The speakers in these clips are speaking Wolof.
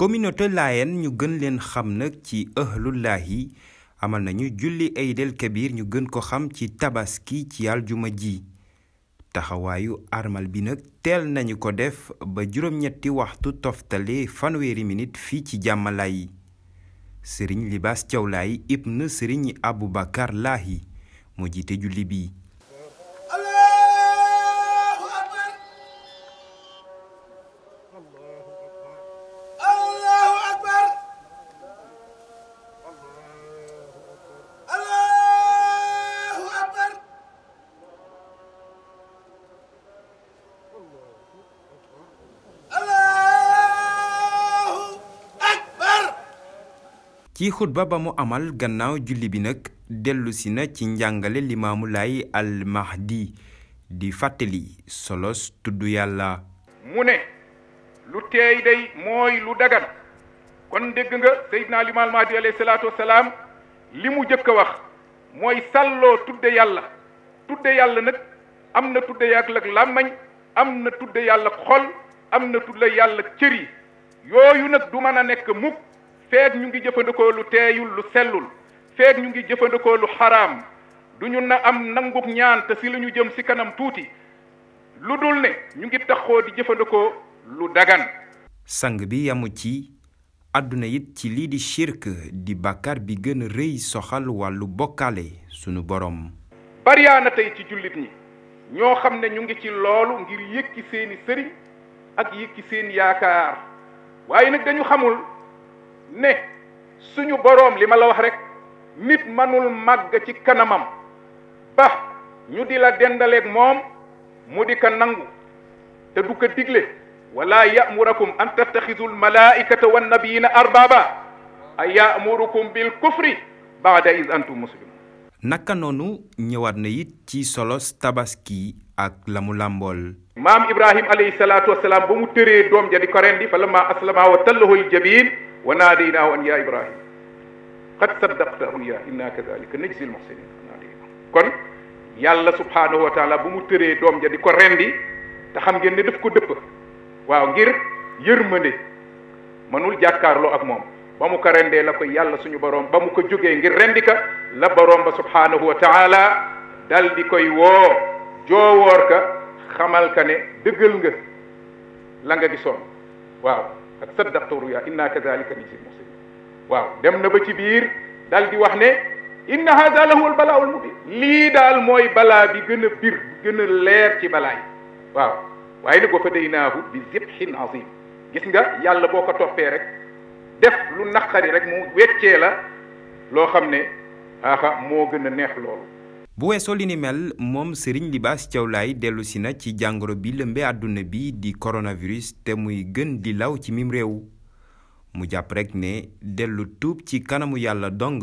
communauté laayeen ñu gën leen xam nag ci ëhlullaahi amal nañu julli Aydel Kabir ñu gën ko xam ci tabaski ci yal juma ji taxawaayu armal bi nag teel nañu ko def ba juróom-ñetti waxtu toftale fanweeri minit fii ci jàmmalaay yi sëriñ libaas cawlaay ibn sëriñ abubakar laahi moo jiite julli bi ci xutba ba mu amal gannaaw julli bi nag dellusi na ci njàngale limaamu lay al di fàttali solos tudd yàlla mu ne lu teey day mooy lu dagan kon dégg nga seydina limaam mahdi alayhi salaatu wasalaam li mu jëkk a wax mooy sàlloo tudde yàlla tudde yàlla nag am na tudde yàlla ak làmmañ am na tudde yàlla ak xol am na tudde yàlla ak cër yi yooyu nag du mën a nekk mukk feet ñu ngi jëfandikoo lu teeyul lu sellul feet ñu ngi jëfandikoo lu xaram xaraam ñu na am nanguk ñaan te si lu jëm si kanam tuuti lu dul ne ñu ngi taxoo di jëfandikoo lu dagan sang bi yamu ci àdduna it ci lii di shirk di bàkkaar bi gën a rëy soxal wàllu bokkaale sunu boroom bariyaa tey ci jullit ñi ñoo xam ne ñu ngi ci loolu ngir yëkki seeni sëriñ ak yëkki seen yaakaar waaye nag dañu xamul ne suñu borom li ma la wax rek nit manul mag ci kanamam ba ñu di la ak mom mu di ka nangu te du ko digle wala ya'murukum an malaikata wan nabiyina arbaba ay yamurukum bil kufri ba'da is antum muslimun naka nonu ñewat na yit ci solos tabaski ak lamu lambol mam ibrahim alayhi salatu wassalam bu mu tere dom ja di ko rendi fa lama aslama wa tallahu jabin وناديناه أن يا إبراهيم قد صدقته يا إنا كذلك نجزي المحسنين ناديناه كن يالا سبحانه وتعالى بمتري دوم جدي كورندي تخم جن دف كو دف واو غير يرمني منول جاكارلو اك موم بامو كارندي لاكو يالا سونو بروم بامو كو جوغي غير رنديكا لا بروم سبحانه وتعالى دال دي كوي و جو وركا خمال كاني دغلغا لاغا غيسون واو ak saddaqtu ruya inna kazalika najzi muhsinin waaw dem na ba ci biir daal di wax ne inna hada lahu al balaa al mubin lii daal mooy balaa bi gën a bir gën a leer ci balaa yi waaw waaye nag wa fadaynaahu bi zibhin azim gis nga yàlla boo ko toppee rek def lu naqari rek mu weccee la loo xam ne aaxa moo gën a neex loolu bu weso li ni mel mom Serigne libas Thiaw delu sina ci jangoro bi lembe aduna bi di coronavirus te muy gën di law ci mim rew mu japp rek ne delu tup ci kanamu yalla dong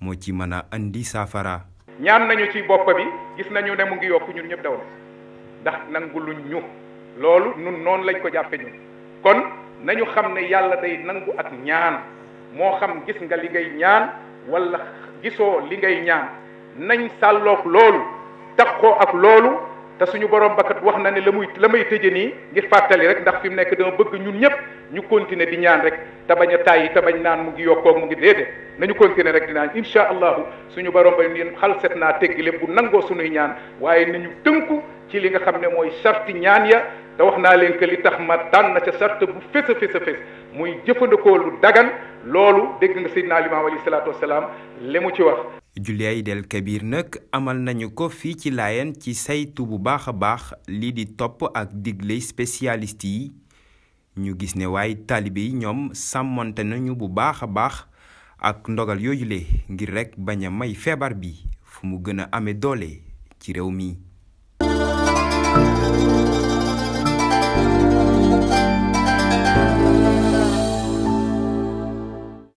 mo ci mana andi safara ñaan nañu ci bop bi gis nañu ne mu ngi yok ñun ñep daw na ndax nanguluñ ñu lolu ñun non lañ ko jappé ñu kon nañu xamne yalla day nangu ak ñaan mo xam gis nga li ngay ñaan wala gisoo li ngay ñaan. nañ sàlloog loolu tax takkoo ak loolu te suñu borom bakat wax na ne la muy la may tëje nii ngir fàttali rek ndax fi mu nekk dama bëgg ñun ñëpp ñu continuer di ñaan rek te bañ a tàyyi te bañ naan mu ngi yokkoog mu ngi déedéet nañu continuer rek di naan incha allahu suñu borom ba yéen xal set naa teggi lépp bu nangoo suñuy ñaan waaye nañu tënku ci li nga xam ne mooy sarti ñaan ya te wax naa leen que li tax ma tànn ca sart bu fés a fés muy jëfandikoo dagan loolu dégg nga seydina limaam alayhi wasalaam li mu ci wax Julia Idel Kabir nag amal nañu ko fii ci layan ci saytu bu baax a baax lii di topp ak digle spécialiste yi ñu gis ne waaye taalibe yi ñoom sàmmante nañu bu baax a baax ak ndogal yooyule ngir rekk bañ a may feebar bi fu mu gën a amee doole ci réew mi